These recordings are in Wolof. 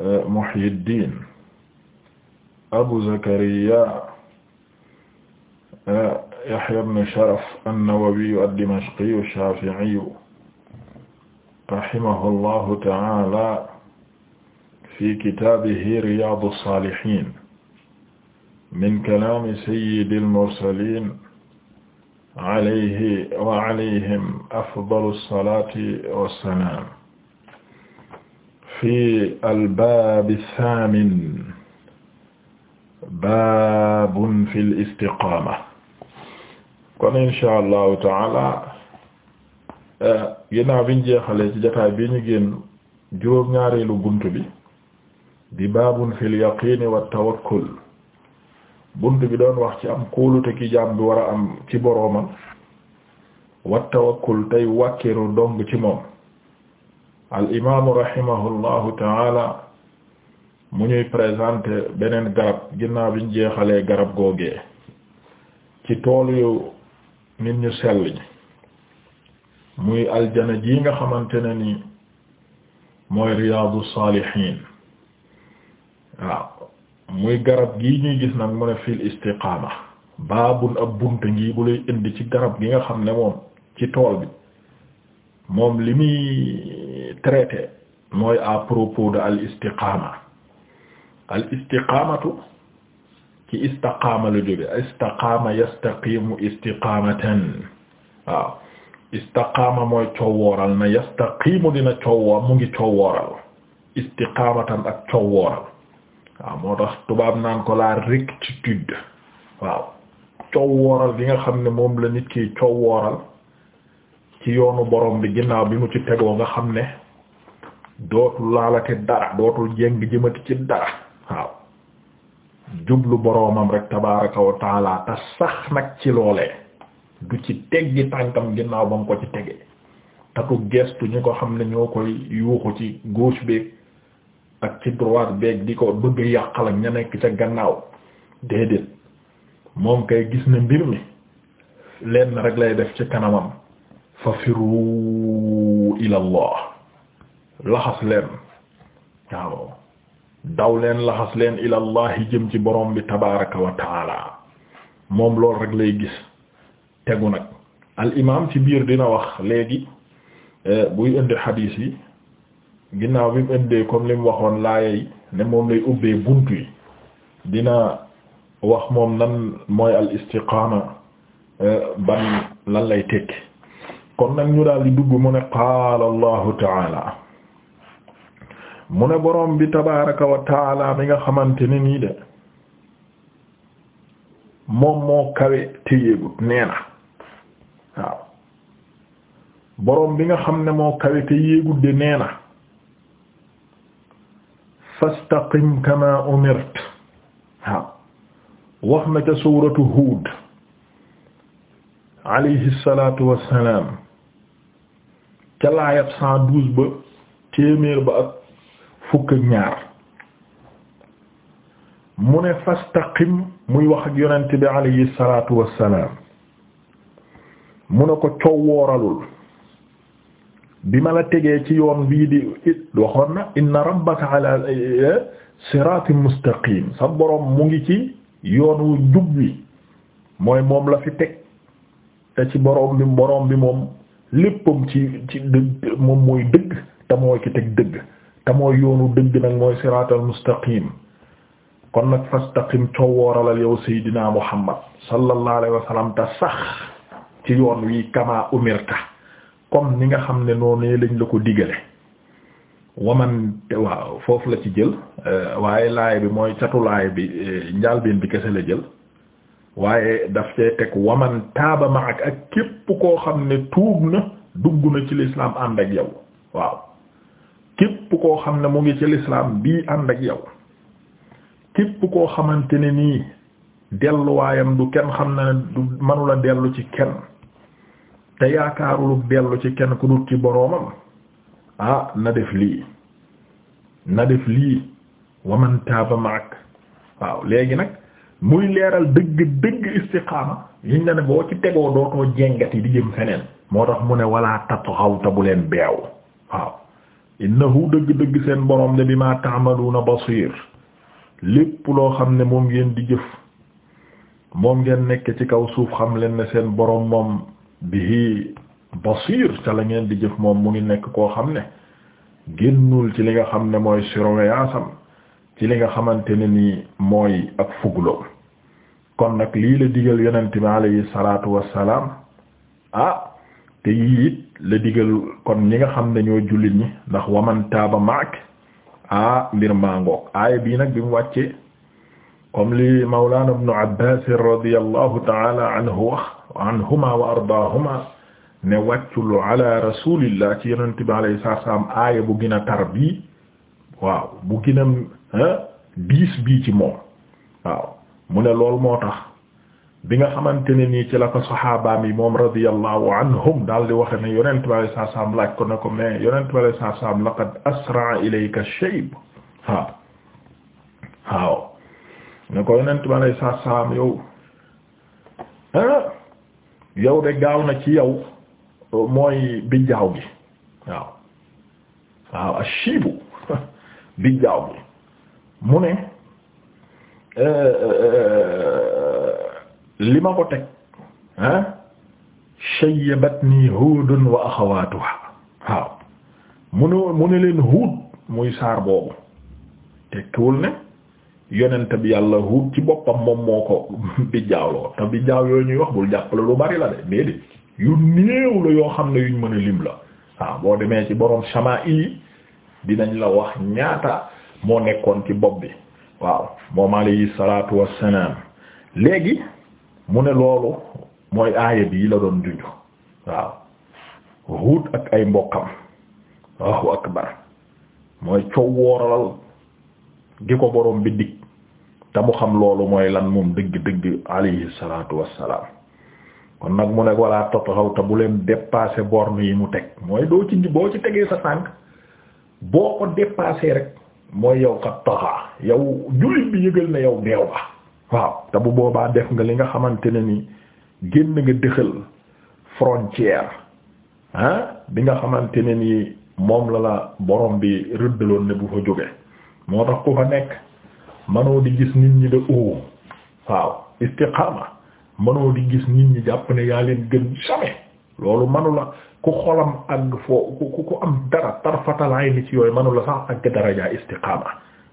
Muhyiddin Abu Zakariya Yahya ibn Sharaf an-Nawawi ad-Dimashqi ash-Shafi'i rahimahullahu ta'ala fi kitaabihi Riyaadu as-Saalihiin min kalaami sayyidil mursaliin alayhi wa alayhim afdalu as-salaati was-salaam fi albaabi saamin baabun fi listiqaama kon insha allahu taala eh, ginnaaw biñ jeexalee ci jotaay bi ñu génn juróom-ñaareelu bunt bi di baabun fi lyaqiini wa tawakkul bunt bi doon wax ci am kóolute ki jaam bi war a am ci boroomam wa tawakkul tey wàkkiru dong ci moom al imaamu rahimahullahu taala mu ñuy présenter beneen garab ginnaaw biñ jeexalee garab googee ci tool yu nit ñu sell ñi muy aljana ji nga xamante ne ni mooy riyaadu saalihiin waaw muy garab gi ñuy gis nag mu ne fil istiqaama baabun ab bunt ngi bu lay indi ci garab gi nga xam ne moom ci tool bi moom li muy traité mooy à propos de al istiqaama ci istaqaama la jóge istaqaama yastaqimu istiqaamatan waaw istaqaama mooy coowooral na yastaqimu dina coowoo mu ngi coowooral istiqaamatan ak coowooral waaw moo tax tubaab naan ko la rectitude waaw coowooral bi nga xam ne moom la nit ki coowooral ci yoonu borom bi ginnaaw bi mu ci tegoo nga xam ne dootul laalate dara dootul jeng jëmati ci dara waaw jublu boroomam rek tabaraka wa te sax nag ci loolee du ci teggi tànkam ginnaaw ba mu ko ci tege tatu gestu ñi ko xam ne ñoo koy yuuxu ci gauche bi ak ci droite beeg di ko bëgg yàqal ak ña nekk ca gannaaw déedéet moom kay gis na mbir mi lenn rek lay def ci kanamam fa firu ilallah laxas leen waaw daw leen laxas leen ilallahi jëm ci borom bi tabaraka wa moom loolu rek lay gis tegu nag al imam ci biir dina wax léegi eh, buy indi xadiis yi ginnaaw bi mu indee comme li mu waxoon laayey ne moom lay ubbee buntu yi dina wax moom nan mooy al istiqaama eh, ban lan lay tekki kon nag ñu daal di dugg mu ne qaala taala mu ne borom bi tabaaraka wa taala nga xamante ni nii de moom moo kawe te yéegut nee na waaw borom bi nga xam ne moo kawe te yéegut de nee na fastaqim kama umirt waaw wax na ca suuratu Huud alayhi salaatu wassalaam ca laayab ba téeméer ba ak fukk ñaar mu ne fastaqim muy wax ak yonent bi alayhi salaatu wassalaam mu ne ko coow bi ma la tegee ci yoon bii di waxoon na inna rabbaka ala eh, siraatin mustaqim sa boroom mu ngi ci yoonu jub wi mooy moom la fi teg te ci boroom bi moom léppam ci ci moom mooy dëgg te mooy ki teg dëgg te mooy yoonu dëgg nag mooy siraatal mustaqim kon nag fastaqim coowooralal yow seydina muhammad sallallahu alayhi te sax ci yoon wi kama umirta kom ni nga xam ne noonu lañ la ko diggale waman waaw foofu la ci jël waaye laay bi mooy catulaay bi njaalbeen bi kese la jël waaye daf cee teg waman taaba ma ak ak képp koo xam ne tuub na dugg na ci lislaam ànd ak yow waaw koo xam ne mu ngi ci lislaam bii ànd ak yow képp koo xamante ne nii delluwaayam du kenn xam na ne du manula dellu ci kenn te yaakaarulu dellu ci kenn ku dul ci boroomam ah na def lii na def lii waman taaba waaw léegi nag muy leeral dëgg dëgg istiqaama yiñ la ne boo ci tegoo dootoo jengati di jëm feneen moo tax mu ne wala tatxaw ta bu leen beew waaw innahu dëgg-dëgg seen borom de bi ma ta'maluna basir lépp loo xam ne moom ngeen di jëf moom ngeen nekk ci kaw suuf xam leen ne seen borom moom bihi basir ca la ngeen di jëf moom mu ngi nekk koo xam ne génnul ci li nga xam ne mooy surveillance am ci li nga xamante ne nii mooy ak fugloom kon nag lii la digal yonent bi alayhi salaatu wassalaam ah te yii la digal kon ñi nga xam ne ñoo jullit ñi ndax waman taaba maak a ah, mbir maa ngoog aaya bii nag bi mu wàccee comme li mawlana ibnu abbas radiyallahu taala anhu wa anhuma ardaahuma ne wàccul ala rasulillah ci yonente bi alayhi salaatu salaam aaya bu gina a tar bii waaw bu gën a ah, bii ci moom waaw mu ne lool moo tax bi nga xamante ne nii ci la ko saxaabaam yi moom radiyallahu anhum daal di waxe ne yonent bi alayhi salaam laaj ko ne ko mais yonent bi alayhi salaam laqad asraa ilayka shayb waaw waaw ne ko yonent bi alayhi salaam yow ah, yow de gaaw na ci yow mooy bijjaaw gi waaw waaw ashiibu bijjaaw gi mu ne eh, eh, eh, li ma ko teg ah shayyabatni Hudun wa axawatuha waaw mu ne mu ne leen Hud muy saar boobu tekkiwul ne yonent bi yàlla Hud ci boppam moom moo ko bijjaawloo te bijjaaw yooyu ñuy wax bul jàppale lu bari la de déedéet yu néew la yoo xam ne yuñ mën a lim la waaw boo demee ci borom Shamaa'i dinañ la wax ñaata moo nekkoon ci bopp bi waaw moom alayhi salaatu wassalaam léegi mu ne loolu mooy aaya bii la doon junju waaw Huud ak ay mbokkam Allahu akbar mooy coow wooralal gi ko borom bi dig te mu xam loolu mooy lan moom dëgg dëgg alayhi salaatu wassalaam kon nag mu ne walla tataxaw te bu leen dépasser borne yi mu teg mooy doo ci boo ci tegee sa tànk boo ko dépasser rek mooy yow kat taxaa yow jullit bi yëgal na yow deew ba waaw te bu boobaa def nga li nga xamante ne ni génn nga dëxal frontière ah bi nga xamante ne ni moom la la borom bi rëddaloon ne bu fa jóge moo tax ku fa nekk manoo di gis nit ñi de oo waaw istiqaama manoo di gis nit ñi jàpp ne yaa leen gën jamais loolu manula ku xolam ak foo ku ku am dara tarfatal ayni ci yooyu manula sax ak daraja istiqaama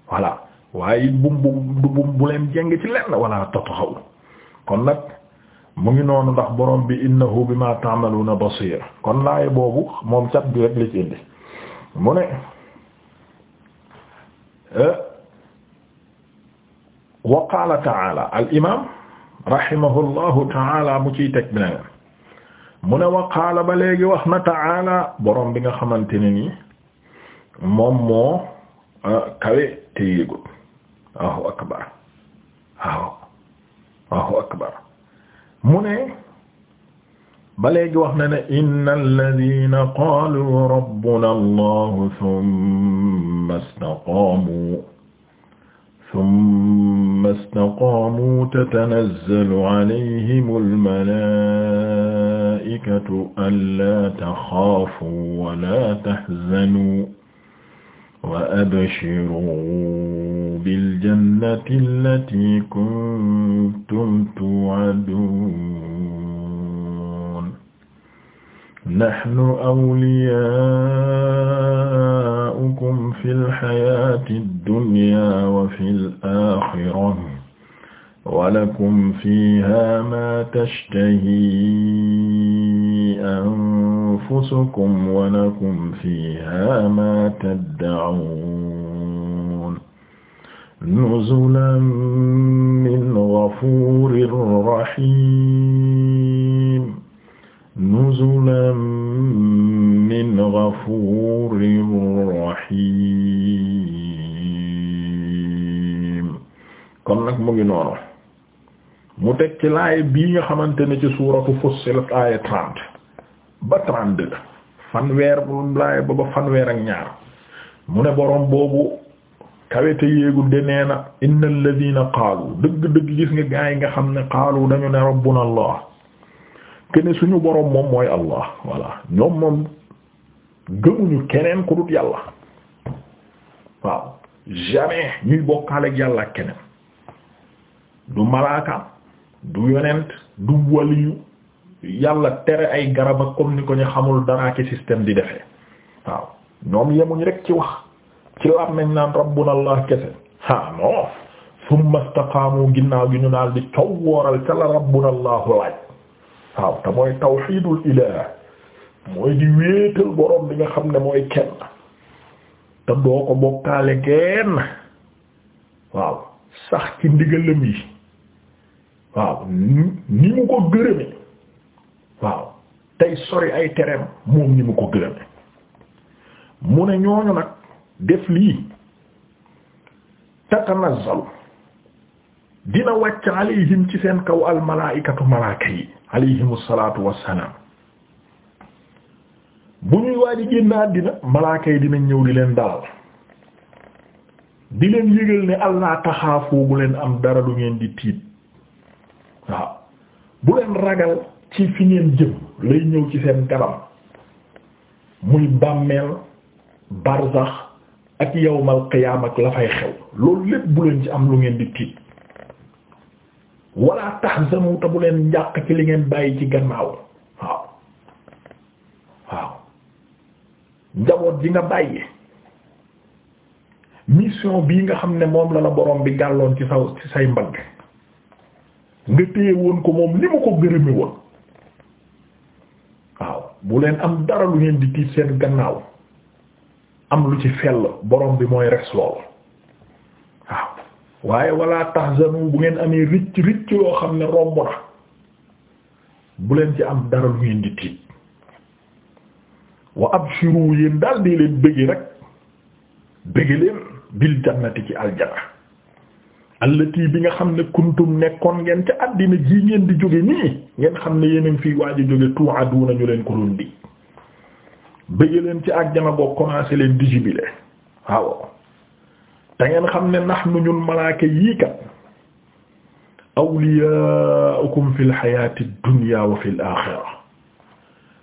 voilà waaye it bum bum bum bu leen jeng ci lenn wala tatxaw kon nag mu ngi noonu ndax borom bi innahu bima ta'maluna basir kon laaye boobu moom cat bi rek li ci indi mu ne euh, wa qaala ta'ala al imam rahimahullahu ta'ala mu ciy teg bi na mu ne wa qaala ba léegi wax na ta'ala borom bi nga xamante ne ni moom moo euh, kawe te yéegul Allahu akbar waaw Allahu akbar mu ne ba léegi wax na ne inna alladhina qalu rabbuna allahu thumma istaqamu thumma istaqamu tatanazzalu alayhim almalaikatu alla takhafu wa la tahzanu wa abshiruu biljannati allati kuntum tu'aduun nahnu awliyaa'ukum fil hayaati dunya wa fil aaxira walakum fiiha maa tashtahi anfusukum walakum fiiha maa tad'uun nuzulan min ghafuurin rahiim nuzulan min ghafuurin rahiim kon nag mu ngi noonu mu teg ci laay bii nga xamante ne ci suuratu Fussilat aaya trente ba trente-deux fanweer bu laay ba ba fanweer ak ñaar mu ne boroom boobu kawete yéegul de nee na inna alladina dëgg-dëgg gis nga gaa yi nga xam ne qaalu dañu ne rabbuna allah kene suñu boroom moom mooy allah voilà ñoom moom gëmuñu keneen ku dut yàlla waaw jamais ñuy bokkaale ak yàlla ak keneen du malaaka du yonent du waliyu yàlla tere ay garab ak comme ni ko ñu xamul dara ci système di defee waaw ñoom yemuñ rek ci wax ci laam nañ naan rabbuna allah kese ah non summa istaqaamu ginnaaw gi ñu daal di taw wooral ca la rabbuna allah laaj waaw te mooy tawxiidul ilah mooy di wéetal boroom bi nga xam ne mooy kenn te doo ko bokkaale kenn waaw sax ci ndigalam yi waaw ni mu ko gërëme waaw tey sori ay tereem moom ni mu ko gërëme mu ne ñooñu nag def lii tatanazzalu dina wàcc alayhim ci seen kaw al malaa'ikatu malaaka yi alayhimu salaatu wassalaam bu ñuy waaj génn àddina malaaka yi dinañ ñëw di leen dalal di leen yëgal ne allah taxaafoo bu leen am dara du ngeen di tiit waaw bu leen ragal ci fi ngeen jëm lay ñëw ci seen kanam muy bàmmeel barzax ak yawmal qiyaam ak la fay xew loolu lépp bu leen ci am lu ngeen di tiit wala tahzanu te bu leen njàq ci li ngeen bàyyi ci gannaaw waaw waaw njaboot ji nga bàyyi mission bii nga xam ne moom la la borom bi gàlloon ci saw ci say mbagg nga téye woon ko moom li mu ko gërëme woon waaw bu leen am dara lu ngeen di tiit seen gannaaw am lu ci fell boroom bi mooy res lool waaw waaye wala tahzanu bu ngeen amee ricc ricc yoo xam ne romb na bu leen ci am dara lu ngeen di tiit wa abshiru yéen daal di leen bëgg rek bëgg leen bil jannati ci aljana allati bi nga xam ne kuntum nekkoon ngeen ca àddina ji ngeen di jóge nii ngeen xam ne yéen fii waaj a jóge tu'aduna ñu leen ko doon di bëgg leen ci àjjana boo commencé leen di jubilé waaw te ngeen xam ne nahnu ñun malaaka yii kat awliyaukum fil hayati dunya wa fil akhirah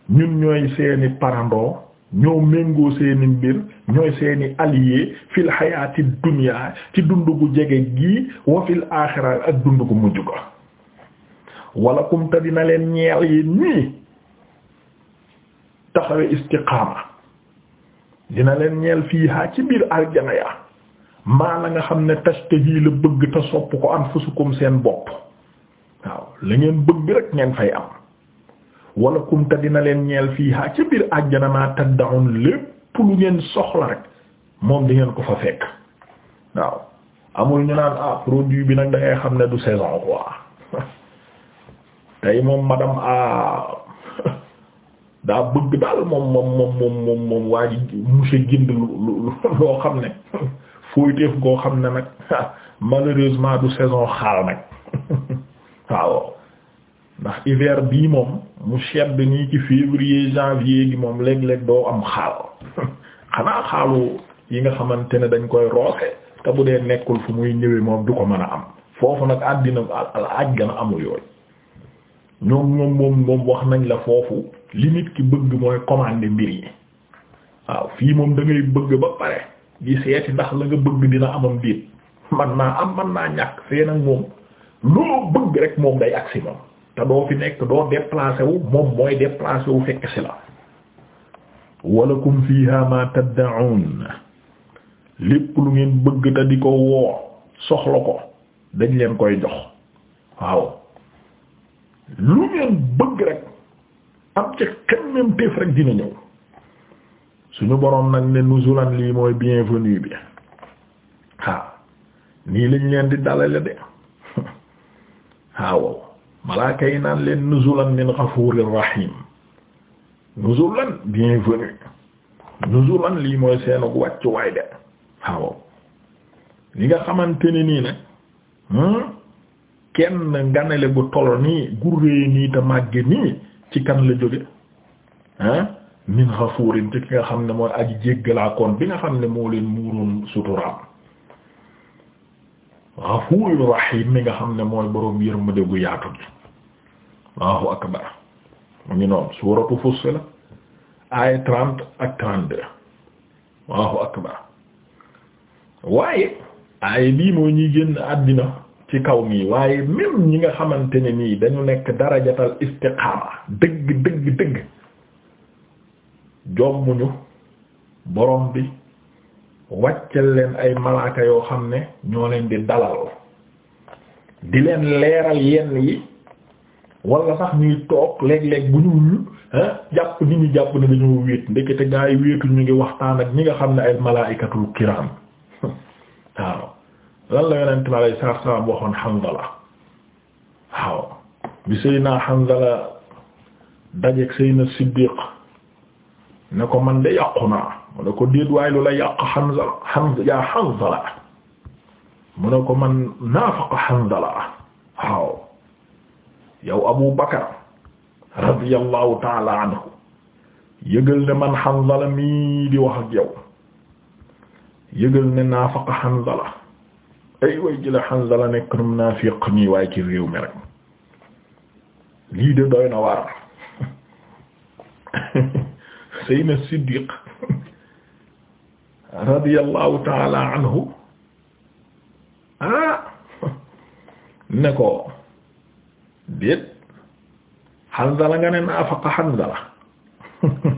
ñun ñooy seeni parandoo ñoo méngoo seeni mbir ñooy seeni alliés fil xayaati dunya ci dund bu jege gii wa fil aaxira ak dund gu mujj ko wala kum te dina leen ñeel yi nii taxawe istiqaama dina leen ñeel fii haa ci biir aljana ya maa la nga xam ne tashtahi la bëgg te sopp ko anfusukum seen bopp waaw la ngeen bëgg rek ngeen fay am wala kum ta dina leen ñeel fii ha ci biir àjjana maa taddaun lépp lu ngeen soxla rek moom di ngeen ko fa fekk waaw amul ñu naan ah produit bi nag da xam ne du saison quoi tey xam ne fooyteef goo xam ne nag ah, malheureusement du saison xaal nag waaw ndax hiver bii moom. mu sedd nii ci février janvier gi moom léeg-léeg doo am xaal xanaa xaalu yi nga xamante ne dañ koy roose te bu dee nekkul fu muy ñëwee moom du ko mën a am foofu nag àddina àjjana amul yooyu ñoom moom moom moom wax nañ la foofu li ki bëgg mooy commander mbir yi waaw fii moom da bëgg ba pare di seeti ndax la nga bëgg dina amam biit man naa am man naa ñàkk fee nag moom loo bëgg rek moom day agsi moom te doo fi nekk doo déplacé moom mooy déplacé wu fekk si la walakum fiha ma taddaun lépp lu ngeen bëgg te di ko woo soxla ko dañ leen koy jox waaw lu ngeen bëgg rek am ci xemmem téef rek dina ñëw suñu boroom nag ne nuzulan lii mooy bienvenue bi waaw nii lañ leen di dalale de waaw malaaka yi naan leen nuzulan min ghafuurir rahim nuzulan bienvenue nuzulan lii mooy seenug wàccu waay de waaw li nga xamante ne nii nag hmm? kenn nganale bu tolo nii gurée nii te màgge nii ci kan la jóge ah min ghafuurin ci ki nga xam ne mooy aji jéggalaakoon bi nga xam ne moo leen muuroon suturaam ghafuurir rahim mi nga xam ne mooy boroom yërmande gu yaatu gi Allahu akbar mu ngi noonu suuratu Fussilat aaya trente ak trente-deux Allahu akbar waaye aaya bii moo ñuy génn àddina ci kaw nii waaye même ñi nga xamante ne nii dañu nekk darajatal istiqaama dëgg dëgg dëgg jommuñu borom bi wàccal leen ay malaaka yoo xam ne ñoo leen di dalal di leen leeral yenn yi wala sax ñuy toog léeg-léeg bu ñu jàpp ni ñu jàpp ne dañoo wéet ndekete gaa yi wéetu ñu ngi waxtaan ak ñi nga xam ne ay malaayikatul kiram waaw lan la yonent ma lay saar saam waxoon Hanzala waaw bi Seydina Hanzala dajeek Seydina Siddiq ne ko man de yàqu naa mu ne ko déet waaye lu la yàq Hanzala Hanzala yaa mu ne ko man naafaqa Hanzala yow Abu Bakar radiyallahu taala anhu yëgal ne man Hanzala mii di wax ak yow yëgal ne naafaqa Hanzala ay way jële Hanzala nekk na munaafiq nii waaye ci réew mi rek lii de doy na waar Seydina Siddiq radiyallahu taala anhu ah ne ko déet Hanzala nga ne naafaqa Hanzala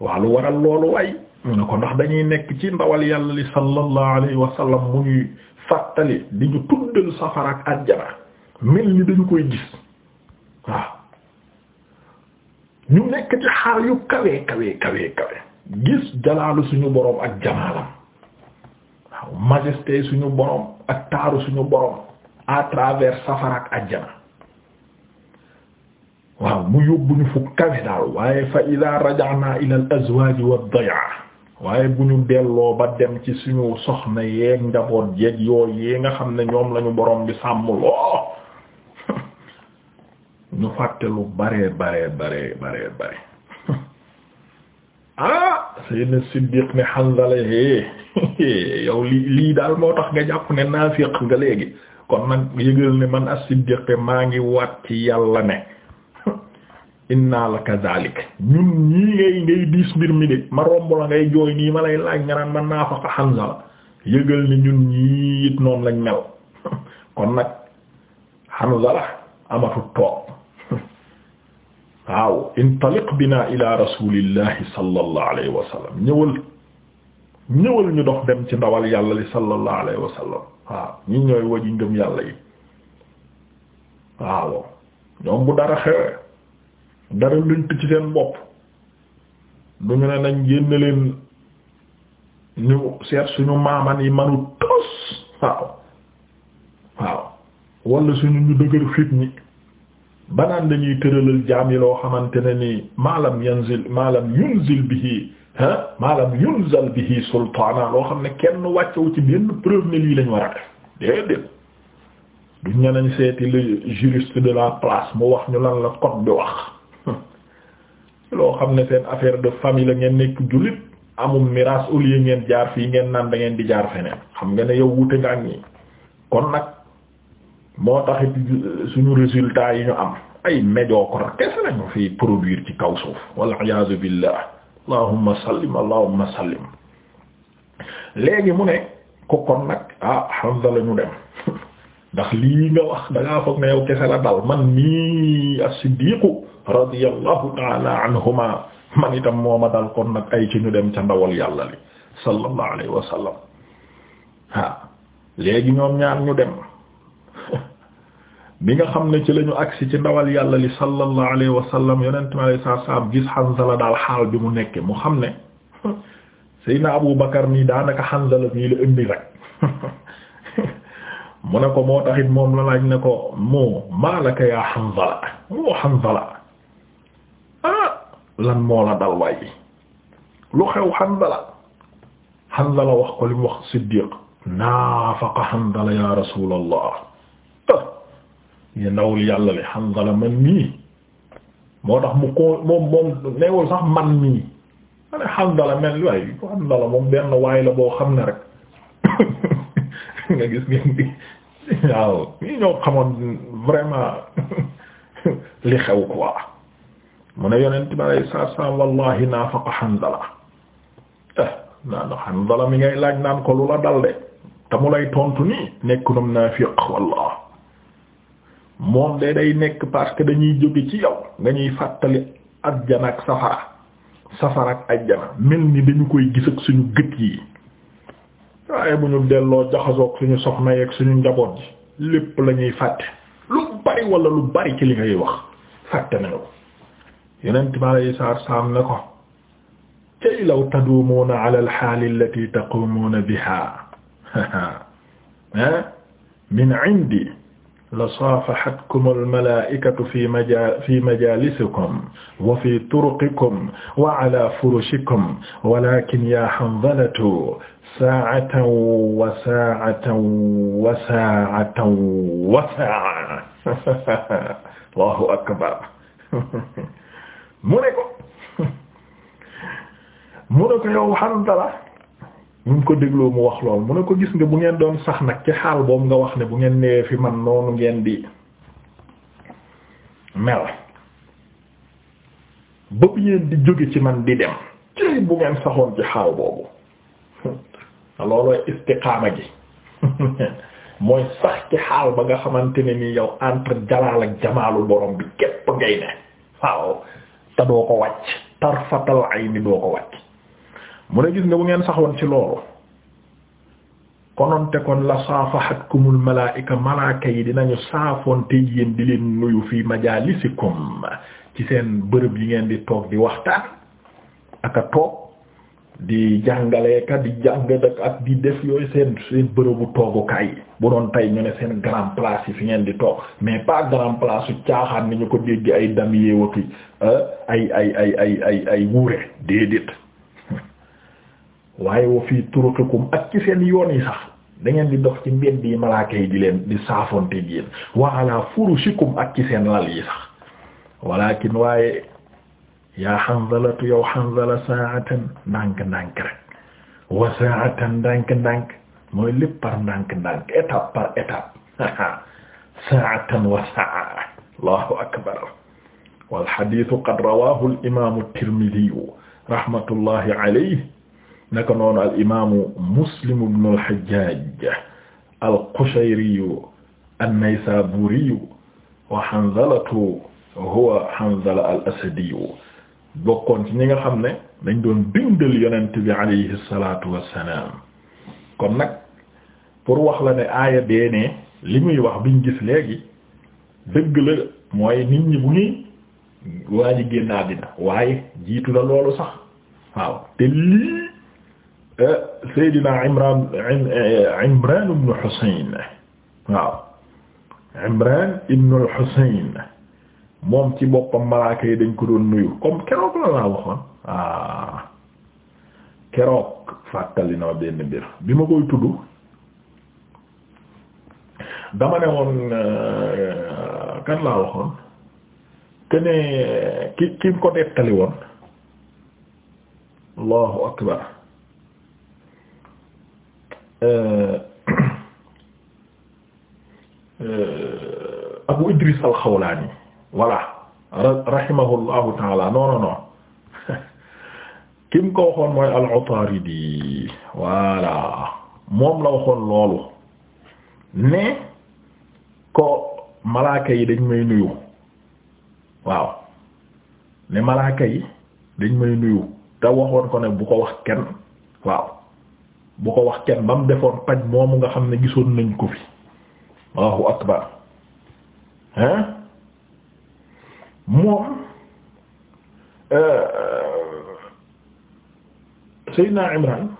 waa lu waral loolu way mu ko ndax dañuy nekk ci ndawal yàlla li sallallahu alayhi wa mu ñuy fàttali di ñu tuddal safara ak àjjana mel ni dañu koy gis waaw ñu nekk ci xaal yu kawe kawe kawe kawe gis jalaalu suñu boroom ak jamaalam waaw majesté suñu boroom ak taaru suñu boroom à travers safara ak àjjana waaw mu yóbbu ñu fu kawe daal waaye fa ida raja'na ila al wa ad waaye bu ñu delloo ba dem ci suñu soxna yeeg njaboot jeeg yoo yee nga xam ne ñoom lañu borom bi sàmm loo ñu fàtte lu bare bare bare bare bare ah sayyidna Siddiq ne Hanzala eh, yow lii lii daal moo tax nga jàpp ne naafiq nga léegi kon nag yëgal ne man as-Siddiq maa ngi waat ci yàlla ne inna la kadhalik ñun ñii ngay ngay diis mbir mi de ma romb la ngay jooy nii ma lay laaj nga naan man naa faqa Hamza la yëgal ni ñun ñii it noonu lañ mel kon nag Hamza la amatu toog waaw intaliq bina ila rasulillahi sallallahu alayhi wa sallam ñëwal yàlla li sallallahu waaw ñi ñooy waji ngëm yàlla yi waaw ñoom bu dara xewee dara luñ ci seen bopp du ñu ne nañ génn leen ñu seet suñu maaman yi manu tos waaw waaw wala suñu ñu dëgër fit banaan dañuy tëralal jaam yi loo xamante ne ni maalam yanzil maalam yunzil bihi ha maalam yunzal bihi sultaana loo xam ne kenn wàccewu ci benn preuve ne lii lañ war a def duñ ne nañ seeti le juriste de la place mu wax ñu lan la code bi wax loo xam ne seen affaire de famille la ngeen nekk jullit amum miraas au ngeen jaar fii ngeen naan da ngeen di jaar feneen xam nga ne yow wute nga ak kon nag moo taxit euh, suñu résultat yi ñu am ay médiocre kese lañu fi produire ci kaw suuf wal iyaazu billah allahumma sallim allahumma sallim léegi mu ne ko kon nag ah Hamza la ñu dem ndax lii nga wax da ngaa foog ne yow kese la dal man mii as-Siddiq radiyallahu taala anhuma man itam mooma dal kon nag ay ci ñu dem ca ndawal yàlla li sallallahu alayhi wa sallam léegi ñoom ñaar ñu dem bi nga xam ne ci lañu ñu agsi ci ndawal yàlla li sallallahu alayhi wa sallam yonent mi alayhi salaam gis Hanzala daal xaal bi mu nekke mu xam ne Seydina Abu Bakar nii daanaka Hanzala bii la indi rek mu ne ko moo taxit moom la laaj ne ko moo maalaka yaa Hanzala moo Hanzala lan moo la dal waaye lu xew Hanzala Hanzala wax ko li mu wax Siddiq naafaqa Hanzala ya rasulallah ndawul yàlla li Hanzala man mii moo tax mu ko moom moom neewul sax man mii ma ne Hanzala mel waay Hanzala waay la boo xam ne rek nga gis ngeen bi waaw ñoo xamoon vraiment li xew quoi mu ne yonent bi alayhi salaatu salaam wallahi naafaqa Hanzala ah naan Hanzala mi ngay laaj naan ko lu la dal te mu lay tontu nii nekk nam naafiq wallah moom de day nekk parce dañuy jóge ci yow nga ñuy fàttali ajjana ak safara safara ak ajjana mel ni dañu koy gis ak suñu gët yi waaye bu ñu delloo jaxasoog suñu soxna yeeg suñu njaboot ji lépp lañuy ñuy fàtte lu bari wala lu bari ci li ngay wax fàtte nañu yonent bi alayhi salaatu wa salaam ne ko kay law taduumuuna ala alxaali allati taquumuuna bihaa eh? min indi la saafahatkum almalaa'ikatu fi maja fi majaalisikum wa fi turuqikum wa ala furushikum walaakin yaa Hanzalatu saa'atan wa saa'atan wa saa'atan wa saa'a Allahu akbar mu ne ko mu ne ko yow Hanzala mu ngi ko dégloo mu wax lool mu ne ko gis nga bu ngeen doon sax nag ci xaal boobu nga wax ne bu ngeen newee fi man noonu ngeen di mel ba bu di jóge ci man di dem ci bu ngeen saxoon ci xaal boobu loolooy istiqaama gi mooy sax ci xaal ba nga xamante ne nii yow entre jalaal ak jamaalu borom bi képp ngay ne waaw te doo ko wàcc tarfatal ayni doo ko wàcc mu ne gis nga bu ngeen saxoon ci loolu konoonte kon la saafahatkumul malaa'ika malaaka yi dinañu te yéen di leen nuyu fii majaalisikum ci seen bërëb yi ngeen di toog di waxtaan ak toog di jàngaleekat di jàngat ak di def yooyu seen seen bërëbu toogukaay yi bu doon tey ñu ne seen grand place yi fi ngeen di toog mais pas grand place su caaxaan ni ñu ko dégg ay dam yeewaki euh, ay ay ay ay ay ay wuure déedéet waaye wa fii turuqikum ak ci seen yoon yi sax dangeen di dox ci mbedd yi malaaka yi di leen di saafonte gi yéen wa ala ak ci seen lal yi sax walakin waaye yaa Hanzalatu yow Hanzala saatan ndànk-ndànk rek wa saatan ndànk-ndànk mooy lépp par ndànk-ndànk étape par étape saatan wa saa Allahu akbar wal hadiisu qad rawaahu al imaamu Tirmidi rahmatullahi alayhi naka noonu al imaamu Muslim ibnu al Hajjaaj al Qushayri an-Naysaabuuri wa Hanzalatu huwa Hanzala al Asadi bokkoon ci ñi nga xam ne dañ doon bindal yonent bi alayhi salaatu wassalaam kon nag pour wax la ne aaya bee ne li muy wax biñ gis léegi dëgg la mooy nit ñi bu ñuy waa génn àddina waaye jiitu la loolu sax waaw te lii euh, Seydina Imran euh, Imran ibn Husayn waaw Imran ibn al moom ci boppam malaaka yi dañ ko doon nuyu comme keroog la laa waxoon ah keroog fàttali na benn mbir bi ma koy tudd dama ne woon euh, kan laa waxoon que ne ki ki ko dettali woon allahu akbar euh, euh, Abu Idris al-Xawlaani voilà rahimahullahu taala non non non ki mu ko waxoon mooy al-Utaridi voilà moom la waxoon loolu ne ko malaaka yi dañ may nuyu waaw ne malaaka yi dañ may nuyu te waxoon ko ne bu ko wax kenn waaw bu ko wax kenn ba mu defoon paj moomu nga xam ne gisoon nañ ko fi Allahu akbar hein moom euh, euh, Seydina Imran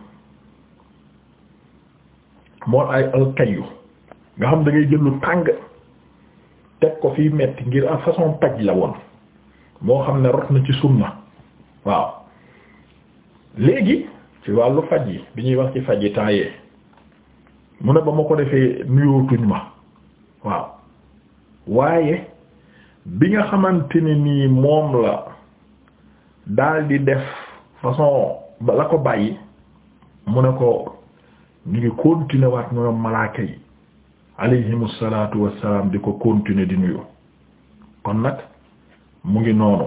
moom ay alkayu nga xam dangay ngay jël tàng teg ko fi metti ngir en façon paj la woon moo xam ne rot na ci sunna waaw léegi ci wàllu faj yi bi ñuy wax ci faj yi taayee mu ne ba ma ko defee nuyootuñ ma waaw waaye bi nga xamante ne nii moom la daal di def façon la ko bàyyi mu ne ko ñu ngi continuer waat ñoom malaaka yi alayhimu salaatu wassalaam di ko continuer di nuyu kon nag mu ngi noonu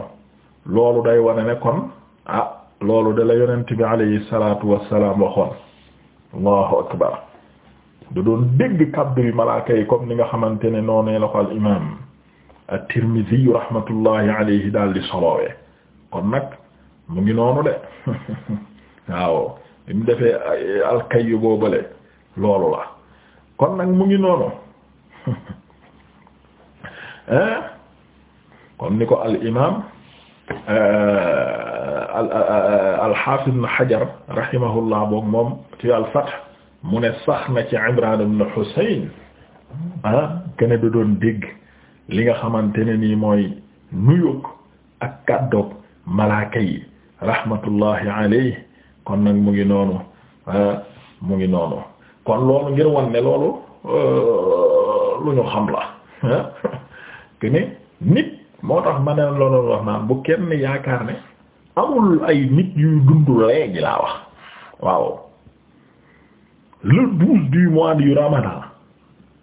loolu day wane ne kon ah loolu de la yonent bi alayhi salaatu wassalaam waxoon allahu akbar da doon dégg kàddu yi malaaka yi comme ni nga xamante ne noonee la ko al imaam at-Tirmidhi rahmatullahi alayhi daal di solowee kon nag mu ngi noonu de waaw bi mu defee eh, alkayyu loolu la kon nag mu ngi noonu eh? kon ni ko eh, al imaam al hafiz ibn Hajar rahimahullah boog moom ci al-Fath mu ne sax na ci Imran ibn Husayn ah, du doon dégg li nga xamante ne nii mooy nuyoog ak kàddoog malaaka yi rahmatullahi alayhi kon nag mu ngi noonu ah, mu ngi noonu kon loolu ngir wan loolu euh, lu ñu xam la que ne nit moo tax ma ne loolu wax naan bu kenn yaakaar ne amul ay nit yuy dund léegi laa wax waaw le douze du mois du ramadan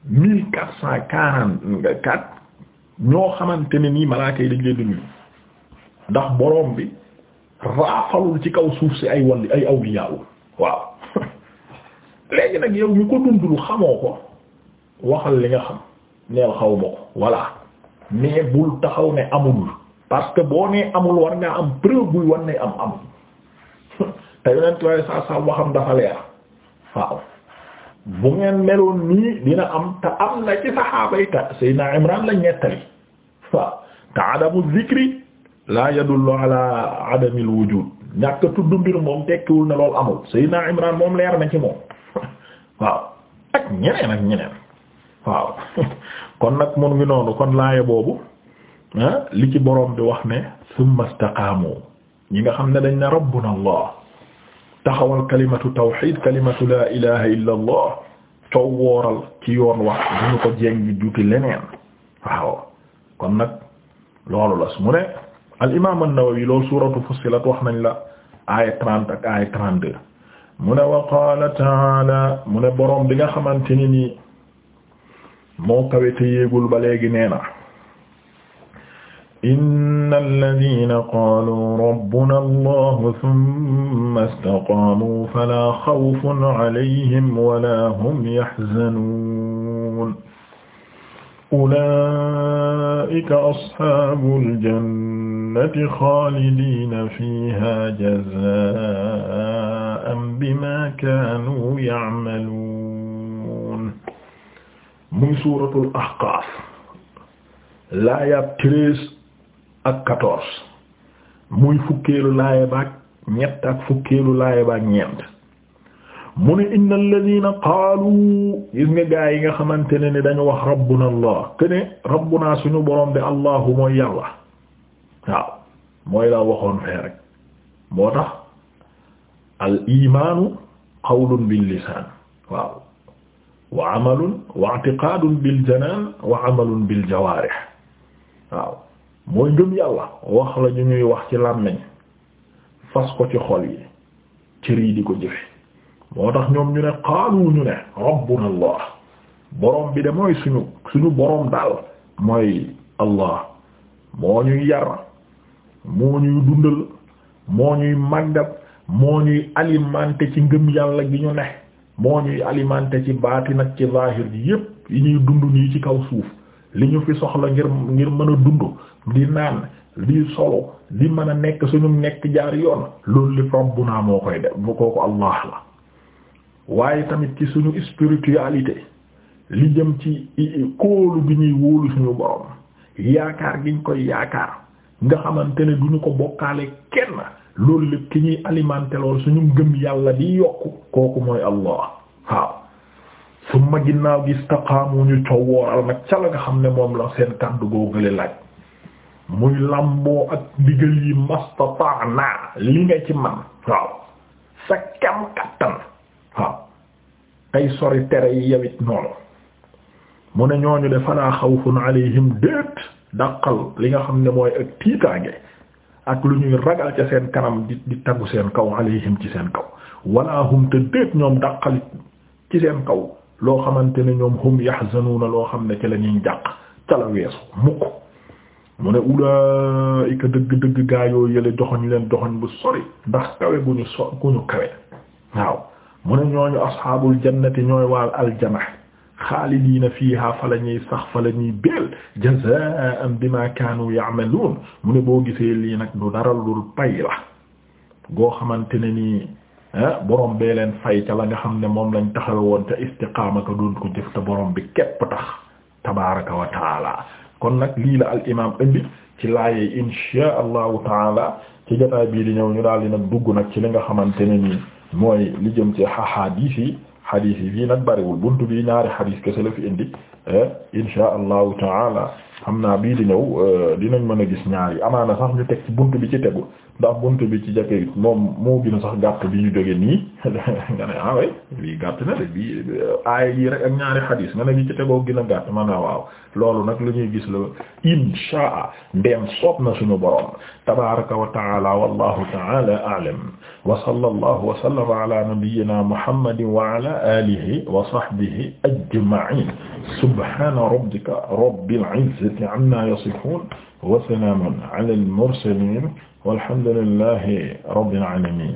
mille quatre cent quarante-quatre ñoo xamante ni nii malaaka yi dañ leen di ndax boroom bi raafalul ci kaw suuf si ay walli ay awliyaawu waaw léegi nag yow ñu ko dundul xamoo ko waxal li nga xam neel xaw ma ko voilà mais bul taxaw ne amul parce que boo nee amul war ngaa am preuve buy war ne am am te yonent waaye saa saa waxam dafa waaw bu ngeen meloon nii dina am te am na ci saxaaba yi ta Imran lañ ñettali waaw te adamu zikri la yadullu ala adami al wujud ñàkk tudd mbir moom tekkiwul ne loolu amul Seydina Imran moom leer na ci moom waaw ak ñeneen ak ñeneen waaw kon nag mun ngi noonu kon laaya boobu ah, li ci boroom bi wax ne summa istaqaamu ñi nga xam ne dañ ne rabbuna allah taxawal kalimatu tawhid kalimatu la ilaha illa allah coow wooral wax duñu ko jéng juuti leneen waaw kon nag loolu la su mu ne al imam an-Nawawi loolu suratu Fussilat wax nañ la aaya 30 ak aaya 32 mu ne wa qaala taala mu ne boroom bi nga xamante ni nii moo kawete yéegul ba léegi nee na inna alladina qaalu rabbuna allahu summa istaqaamu falaa xawfun alayhim wala hum yaxzanuun ulaa'ika asxaabul jannati xaalidiina fiihaa jazaa'an bimaa kaanuu ya'maluun muy suuratul ahqaaf laaya treize ak quatorze muy fukkeelu laaya baak ñett ak fukkeelu laaya baak ñeent mu ne innal ladina yi nga xamante ne ne dañu wax rabbuna allah kene rabbuna suñu borom bi allahu mooy yàlla waaw waxoon fee moo tax al imaanu qawlun bil lisaan waaw wa amalun wa i'tiqaadun bil janaan wa amalun bil jawaarih mooy gëm yàlla wax la ñu ñuy wax ci làmmiñ fas ko ci xol yi cër yi di ko jëfe moo tax ñoom ñu ne xaalu ñu ne rabbuna allah borom bi de mooy suñu suñu borom daal mooy allah moo ñuy yar moo ñuy dundal moo ñuy màggat moo ñuy alimenté ci ngëm yàlla gi ñu ne moo ñuy alimenté ci baati nag ci zahir bi yépp yi ñuy dund nii ci kaw suuf li ñu fi soxla ngir ngir mën a dund di naan di solo di mën a nekk suñu nekk jaar yoon loolu li rabbuna moo koy def bu kooku allah la waaye tamit ki suñu spiritualité li jëm ci kóolu bi ñuy wóolu suñu borom yaakaar giñ koy yaakaar nga xamante ne duñu ko bokkaale kenn loolu lépp ki ñuy alimenté lool suñu ngëm yàlla di yokk kooku mooy allah waaw summa ginnaaw gi istaqaamu ñu cowooral nag ca la nga xam ne moom la seen kàddu googale laaj muy lamboo ak ndigal yi mastata'na li nga ci man waaw sa kam kattan waaw tey sori tere yi yawit noonu mu ne ñooñu de falaa xawfun alayhim déet dàqal li nga xam ne mooy ak tiitaange ak lu ñuy ragal ca seen kanam di di taggu seen kaw alayhim ci seen kaw walaa hum te déet ñoom dàqal ci seen kaw loo xamante ne ñoom hum na loo xam ne ci la jàq ca la weesu mukk mu ne ulaa'ika dëgg dëgg gaa yoo yële joxoñ leen joxoñ bu sori ndax kawe gu ñu so gu ñu kawe waaw mu ne ñooñu asxaabul jannati aljana xaalidiina fiihaa fa la ñuy sax fa la ñuy beel jazaa'an bimaa kaanu ya'maluun mu ne boo gisee lii nag du dara lu pay la goo xamante ne nii ah, borom bee leen fay ca la nga xam ne moom lañ taxal woon ca istiqaama ka doon ko jëf te borom bi képp tax tabaaraka wa kon nag lii la al imaam indi ci laayee insha allahu taala ci jotaay bii di ñëw ñu daal di nag dugg nag ci li nga xamante ne nii mooy li jëm ci xadiis yi xadiis yi fii nag bariwul buntu bi ñaari xadiis kese la fi indi eh, insha allahu taala. xam naa bii di ñëw euh, dinañ mën a gis ñaar yi amaana sax ñu teg bunt bi ci tegu ndax bunt bi ci jàkkee moom moo gën a sax gàtt bi ñu jóge nii nga ah gàtt na de euh, aaya yi rek ak ñaari xadiis nga ne bi ci tegoo gën gàtt man a ah, waaw loolu nag lu ñuy gis la inshaa ndeem soob na suñu borom tabaraka wa taala wallahu taala a'lam wa sallallahu wa wa ala alihi wa sahbihi ajma'in subhana rabbika rabbil izzati amma yasifun wa salaamun ala al-mursalin walhamdulillahi rabbil alamin